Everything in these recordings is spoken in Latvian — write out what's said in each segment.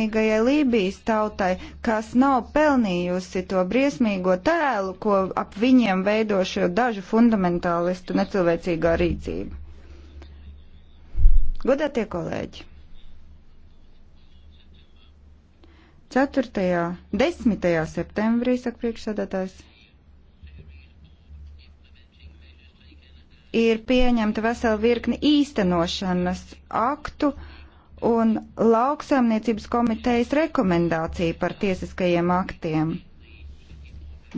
briesmīgajai Lībijas tautai, kas nav pelnījusi to briesmīgo tēlu, ko ap viņiem veido šo dažu fundamentālistu necilvēcīgā rīcība. Godātie kolēģi! 4. 10. septembrī, saka priekšsādātājs, ir pieņemta vesela virkni īstenošanas aktu, uh, un lauksaimniecības komitejas rekomendāciju par tiesiskajiem aktiem.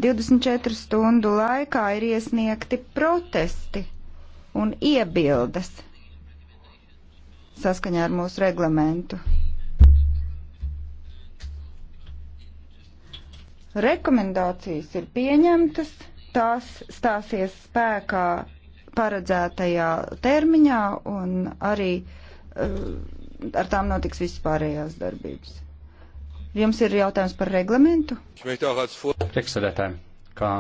24 stundu laikā ir iesniegti protesti un iebildes saskaņā ar mūsu reglamentu. Rekomendācijas ir pieņemtas, tās stāsies spēkā paredzētajā termiņā un arī uh, ar tām notiks vispārējās darbības. Jums ir jautājums par reglamentu? Priekšsēdētājiem, kā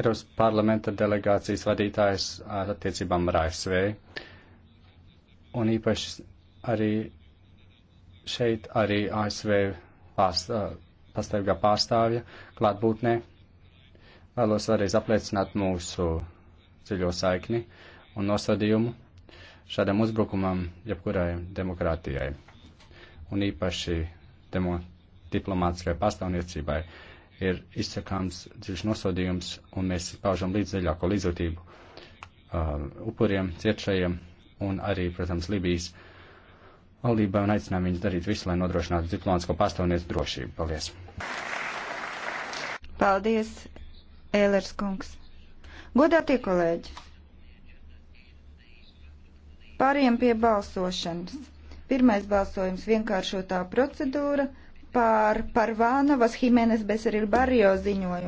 Eiropas parlamenta delegācijas vadītājs ar attiecībām ar ASV, un īpaši arī šeit arī ASV pastāvīgā pārstāvja klātbūtnē, vēlos vēlreiz apliecināt mūsu dziļo saikni un nosodījumu šādam uzbrukumam jebkurai demokrātijai un īpaši demo, diplomātiskai pastāvniecībai ir izsakāms dziļš nosodījums un mēs paužam līdz dziļāko līdzjūtību uh, upuriem, cietušajiem un arī, protams, Libijas valdībai un aicinām viņus darīt visu, lai nodrošinātu diplomātisko pastāvniecību drošību. Paldies! Paldies, Ēlers kungs! Godātie kolēģi! Pāriem pie balsošanas. Pirmais balsojums - vienkāršotā procedūra pār Parvānavas Himenes Beseril Barrio ziņojumu.